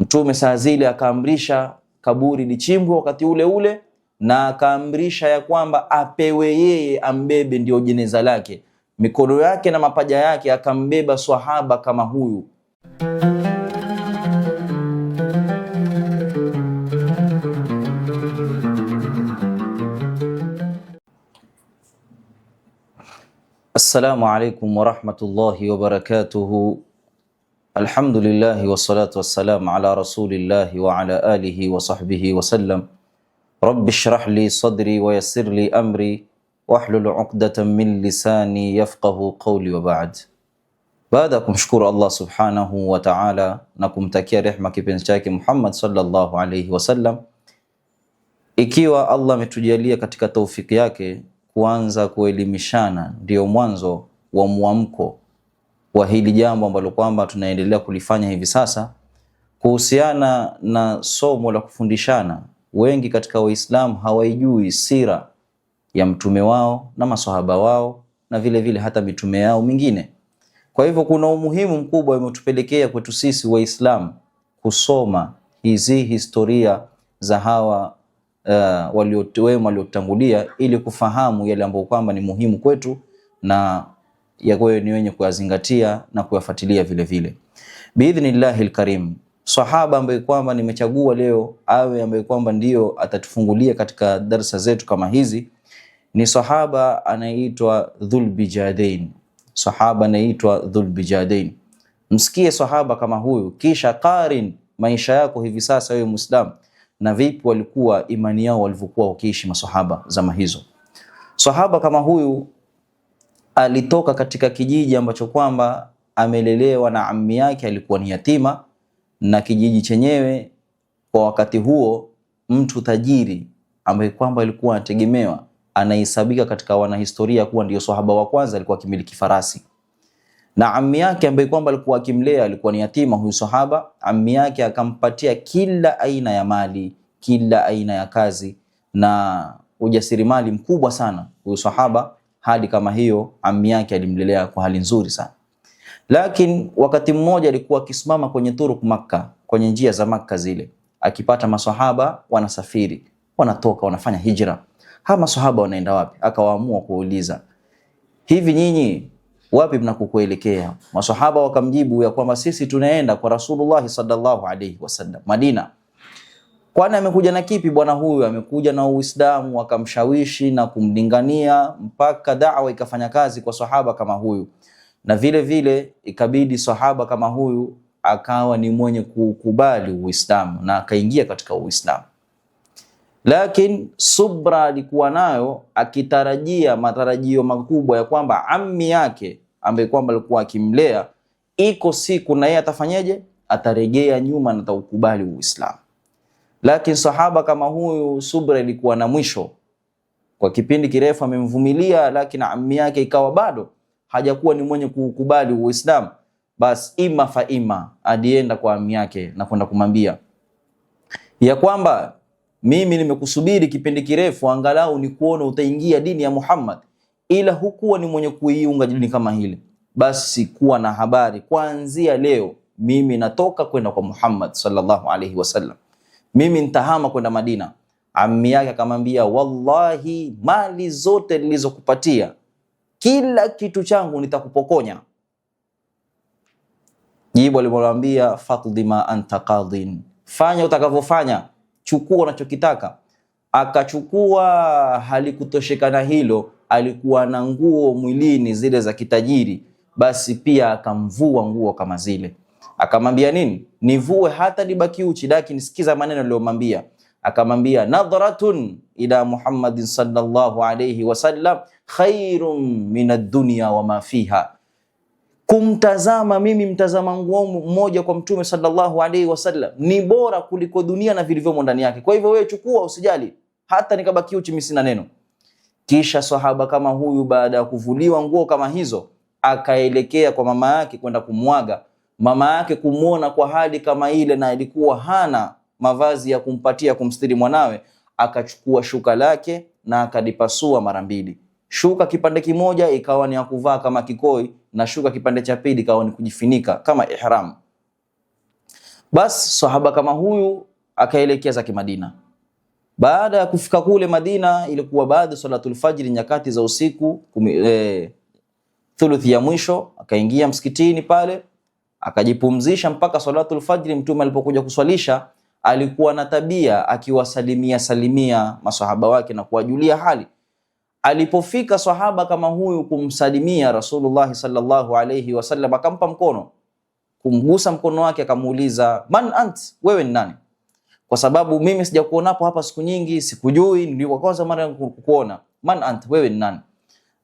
Mtume saa zile akaamrisha kaburi lichimbwe wakati ule ule, na akaamrisha ya kwamba apewe yeye ambebe ndio jeneza lake, mikono yake na mapaja yake, akambeba swahaba kama huyu. Assalamu alaikum warahmatullahi wabarakatuhu. الحمد لله والصلاة والسلام على رسول الله وعلى آله وصحبه وسلم رب اشرح لي صدري ويسر لي أمري واحلل عقدة من لساني يفقه قولي وبعد بعد كمشكور الله سبحانه وتعالى نكم تكيا رحمة كبن محمد صلى الله عليه وسلم إكيوا الله متجالية كتك توفيق yake kuanza kuelimishana ndio mwanzo wa wa hili jambo ambalo kwamba tunaendelea kulifanya hivi sasa kuhusiana na somo la kufundishana. Wengi katika Waislamu hawaijui sira ya mtume wao na maswahaba wao na vile vile hata mitume yao mingine. Kwa hivyo kuna umuhimu mkubwa umetupelekea kwetu sisi Waislamu kusoma hizi historia za hawa uh, waliotangulia ili kufahamu yale ambayo kwamba ni muhimu kwetu na ya kwayo ni wenye kuyazingatia na kuyafuatilia vile vile. Biidhnillahi lkarim, sahaba ambaye kwamba nimechagua leo awe ambaye kwamba ndio atatufungulia katika darsa zetu kama hizi ni sahaba anaitwa Dhulbijadain. Sahaba anaitwa Dhulbijadain. Msikie sahaba kama huyu, kisha karin maisha yako hivi sasa wewe Muislam na vipi walikuwa imani yao walivyokuwa wakiishi masahaba zama hizo. Sahaba kama huyu alitoka katika kijiji ambacho kwamba amelelewa na ammi yake, alikuwa ni yatima, na kijiji chenyewe kwa wakati huo, mtu tajiri ambaye kwamba alikuwa anategemewa, anahesabika katika wanahistoria kuwa ndio sahaba wa kwanza alikuwa akimiliki farasi na ammi yake ambaye kwamba alikuwa akimlea, alikuwa ni yatima huyu sahaba. Ammi yake akampatia kila aina ya mali, kila aina ya kazi na ujasiri mali mkubwa sana huyu sahaba hali kama hiyo, ammi yake alimlelea kwa hali nzuri sana. Lakini wakati mmoja alikuwa akisimama kwenye turuk Makka, kwenye njia za Makka zile, akipata maswahaba wanasafiri, wanatoka, wanafanya hijra. Hawa maswahaba wanaenda wapi? Akawaamua kuuliza, hivi nyinyi wapi mnakokuelekea? Maswahaba wakamjibu ya kwamba sisi tunaenda kwa Rasulullah sallallahu alaihi wasallam Madina. Kwani amekuja na kipi bwana huyu? Amekuja na Uislamu, akamshawishi na kumlingania mpaka da'wa ikafanya kazi kwa sahaba kama huyu, na vile vile ikabidi sahaba kama huyu akawa ni mwenye kukubali Uislamu na akaingia katika Uislamu. Lakini subra alikuwa nayo, akitarajia matarajio makubwa ya kwamba ammi yake ambaye kwamba alikuwa akimlea, iko siku na yeye atafanyeje? Atarejea nyuma na ataukubali Uislamu. Lakini sahaba kama huyu, subra ilikuwa na mwisho. Kwa kipindi kirefu amemvumilia, lakini ammi yake ikawa bado hajakuwa ni mwenye kukubali Uislamu, Bas ima fa ima adienda kwa ammi yake na kwenda kumwambia ya kwamba mimi nimekusubiri kipindi kirefu, angalau ni kuona utaingia dini ya Muhammad, ila hukuwa ni mwenye kuiunga dini kama hili. Basi kuwa na habari, kuanzia leo mimi natoka kwenda kwa Muhammad sallallahu alaihi wasallam mimi nitahama kwenda Madina. Ammi yake akamwambia, wallahi, mali zote nilizokupatia kila kitu changu nitakupokonya. Jibu alimwambia, faqdi ma anta qadin, fanya utakavyofanya, chukua unachokitaka. Akachukua, halikutoshekana hilo, alikuwa na nguo mwilini zile za kitajiri, basi pia akamvua nguo kama zile. Akamwambia nini? Nivue hata nibaki uchi, lakini sikiza maneno aliyomwambia. Akamwambia nadharatun ila Muhammadin sallallahu alayhi wasallam khairum min ad-dunya wa ma fiha, kumtazama mimi mtazama nguo mmoja kwa mtume sallallahu alayhi wasallam ni bora kuliko dunia na vilivyomo ndani yake. Kwa hivyo wewe chukua, usijali, hata nikabaki uchi mimi sina neno. Kisha sahaba kama huyu baada ya kuvuliwa nguo kama hizo akaelekea kwa mama yake kwenda kumwaga mama yake kumwona kwa hali kama ile na ilikuwa hana mavazi ya kumpatia kumstiri mwanawe, akachukua shuka lake na akalipasua mara mbili. Shuka kipande kimoja ikawa ni ya kuvaa kama kikoi, na shuka kipande cha pili ikawa ni kujifunika kama ihram. Bas sahaba kama huyu akaelekea zake Madina. Baada ya kufika kule Madina, ilikuwa baada salatul fajri, nyakati za usiku, kumi, e, thuluthi ya mwisho, akaingia msikitini pale akajipumzisha mpaka salatul fajri. Mtume alipokuja kuswalisha alikuwa na tabia akiwasalimia salimia masahaba wake na kuwajulia hali. Alipofika sahaba kama huyu kumsalimia Rasulullah sallallahu alayhi wasallam, akampa mkono kumgusa mkono wake, akamuuliza man ant, wewe ni nani? Kwa sababu mimi sijakuonapo hapa siku nyingi, sikujui, ndio kwa kwanza mara kukuona. Man ant, wewe ni nani?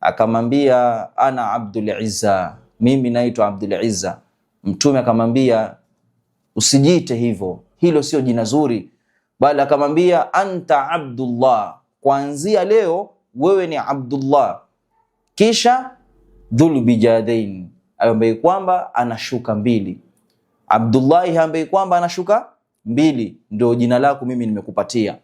Akamwambia ana Abdul Izza, mimi naitwa Abdul Izza. Mtume akamwambia usijite hivyo, hilo sio jina zuri, bali akamwambia anta Abdullah, kuanzia leo wewe ni Abdullah. Kisha dhulbijadain, ambaye kwamba anashuka mbili, Abdullahi ambaye kwamba anashuka mbili, ndio jina lako mimi nimekupatia.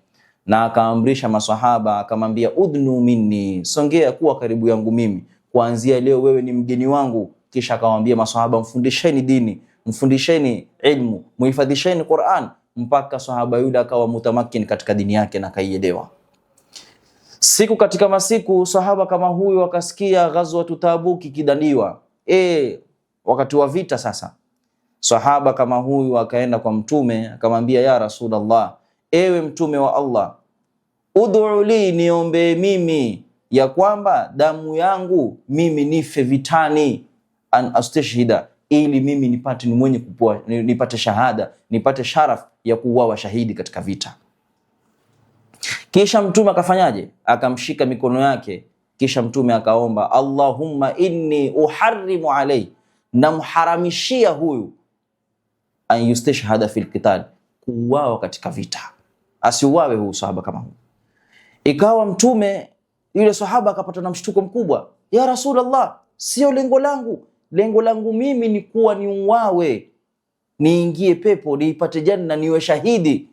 Na akaamrisha maswahaba akamwambia udhnu minni, songea kuwa karibu yangu mimi, kuanzia leo wewe ni mgeni wangu kisha akawaambia maswahaba, mfundisheni dini, mfundisheni ilmu, muhifadhisheni Qur'an, mpaka sahaba yule akawa mutamakin katika dini yake na kaielewa. Siku katika masiku sahaba kama huyu akasikia ghazwatu tutabuki kidaniwa, e, wakati wa vita sasa. Sahaba kama huyu akaenda kwa Mtume akamwambia, ya Rasulullah, ewe Mtume wa Allah, ud'u li, niombee mimi ya kwamba damu yangu mimi nife vitani an astashhida, ili mimi nipate ni mwenye kupoa, nipate shahada, nipate sharaf ya kuuawa shahidi katika vita. Kisha mtume akafanyaje? Akamshika mikono yake, kisha mtume akaomba, Allahumma inni uharimu alai, namharamishia huyu an yustashhada fil qital, kuuawa katika vita, asiuawe huyu sahaba kama huyu. Ikawa mtume yule sahaba akapata na mshtuko mkubwa, ya Rasulullah, sio lengo langu lengo langu mimi ni kuwa ni uwawe niingie pepo, niipate janna, niwe shahidi.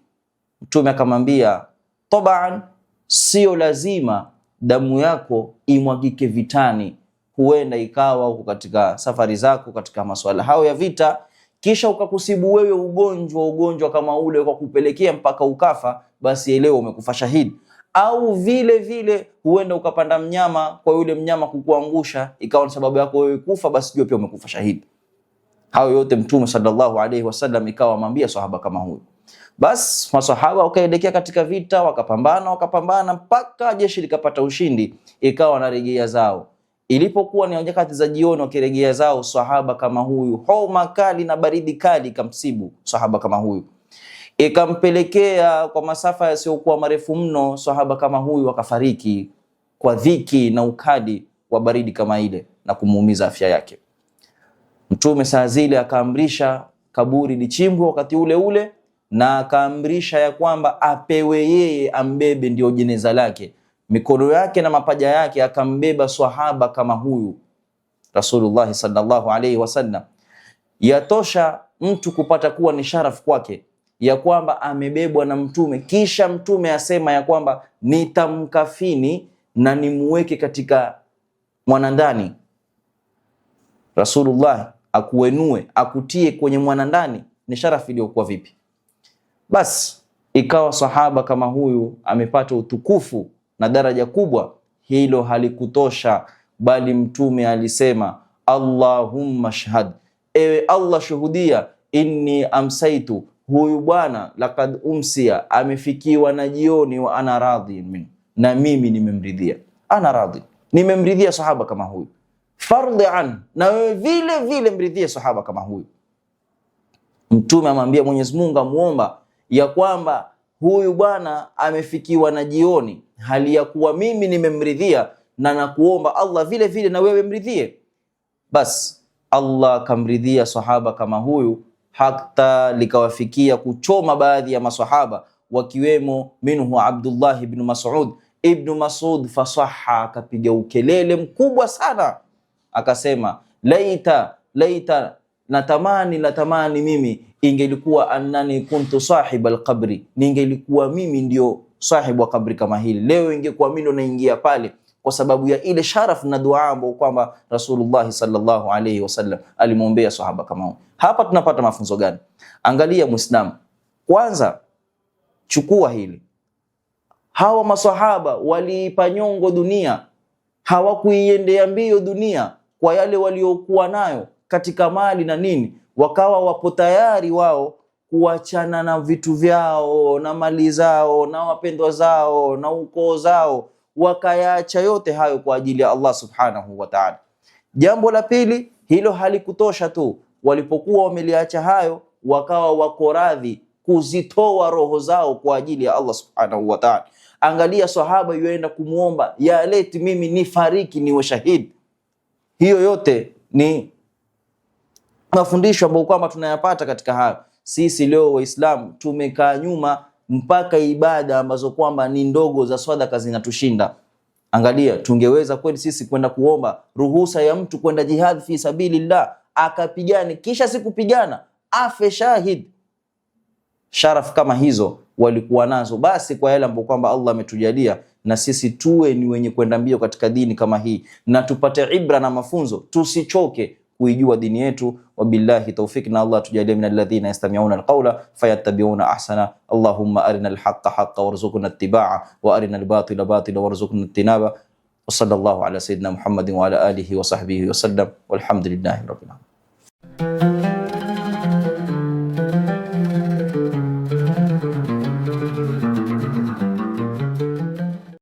Mtume akamwambia taban, sio lazima damu yako imwagike vitani, huenda ikawa huko katika safari zako katika masuala hayo ya vita, kisha ukakusibu wewe ugonjwa, ugonjwa kama ule kwa kupelekea mpaka ukafa, basi elewa umekufa shahidi au vile vile huenda ukapanda mnyama kwa yule mnyama kukuangusha ikawa ni sababu yako wewe kufa, basi jua pia umekufa shahidi. Hayo yote Mtume sallallahu alaihi wasallam ikawa amwambia sahaba kama huyo. Basi masahaba wakaelekea katika vita, wakapambana wakapambana mpaka jeshi likapata ushindi, ikawa wanarejea zao. Ilipokuwa ni nyakati za jioni, wakirejea zao, sahaba kama huyu, homa kali na baridi kali ikamsibu sahaba kama huyu ikampelekea kwa masafa yasiyokuwa marefu mno sahaba kama huyu akafariki kwa dhiki na ukadi wa baridi kama ile na kumuumiza afya yake. Mtume saa zile akaamrisha kaburi lichimbwe wakati ule ule, na akaamrisha ya kwamba apewe yeye ambebe ndio jeneza lake, mikono yake na mapaja yake, akambeba swahaba kama huyu Rasulullah sallallahu alaihi wasallam. Yatosha mtu kupata kuwa ni sharafu kwake ya kwamba amebebwa na mtume, kisha mtume asema ya kwamba nitamkafini na nimuweke katika mwanandani. Rasulullah akuenue akutie kwenye mwanandani, ni sharafu iliyokuwa vipi? Basi ikawa sahaba kama huyu amepata utukufu na daraja kubwa, hilo halikutosha, bali mtume alisema Allahumma shahad, ewe Allah shuhudia, inni amsaitu huyu bwana laqad umsia amefikiwa na jioni, wa ana radhi min, na mimi nimemridhia. Ana radhi nimemridhia sahaba kama huyu, fardhi an, na wewe vile vile mridhie sahaba kama huyu. Mtume amwambia Mwenyezi Mungu amuomba ya kwamba huyu bwana amefikiwa na jioni, hali ya kuwa mimi nimemridhia, na nakuomba Allah vile vile na wewe mridhie. Bas Allah kamridhia sahaba kama huyu hata likawafikia kuchoma baadhi ya masahaba wakiwemo minhu Abdullah ibn Mas'ud. Ibnu Mas'ud fasaha, akapiga ukelele mkubwa sana, akasema laita laita, natamani natamani mimi ingelikuwa annani kuntu sahib alqabri, ningelikuwa mimi ndio sahibu wa kabri kama hili leo, ingekuwa mimi ndo naingia pale kwa sababu ya ile sharaf na dua ambayo kwamba Rasulullah sallallahu alaihi wasallam alimwombea sahaba kama huyo. Hapa tunapata mafunzo gani? Angalia Muislam, kwanza chukua hili, hawa masahaba waliipa nyongo dunia, hawakuiendea mbio dunia kwa yale waliokuwa nayo katika mali na nini, wakawa wapo tayari wao kuachana na vitu vyao na mali zao na wapendwa zao na ukoo zao wakayaacha yote hayo kwa ajili ya Allah subhanahu wa ta'ala. Jambo la pili, hilo halikutosha tu, walipokuwa wameliacha hayo wakawa wako radhi kuzitoa roho zao kwa ajili ya Allah subhanahu wa ta'ala. Angalia sahaba yuenda kumwomba ya leti mimi nifariki niwe shahidi. Hiyo yote ni mafundisho ambayo kwamba tunayapata katika hayo. Sisi leo Waislamu tumekaa nyuma mpaka ibada ambazo kwamba ni ndogo za swadaka zinatushinda. Angalia, tungeweza kweli sisi kwenda kuomba ruhusa ya mtu kwenda jihad fi sabilillah akapigani kisha sikupigana afe shahid. Sharaf kama hizo walikuwa nazo. Basi kwa yale ambayo kwamba Allah ametujalia na sisi tuwe ni wenye kwenda mbio katika dini kama hii, na tupate ibra na mafunzo, tusichoke kuijua dini yetu. وبالله توفيقنا الله تجعل من الذين يستمعون القول فيتبعون أحسن اللهم أرنا الحق حق وارزقنا اتباعه وأرنا الباطل باطل وارزقنا اجتنابه وصلى الله على سيدنا محمد وعلى آله وصحبه وسلم والحمد لله رب العالمين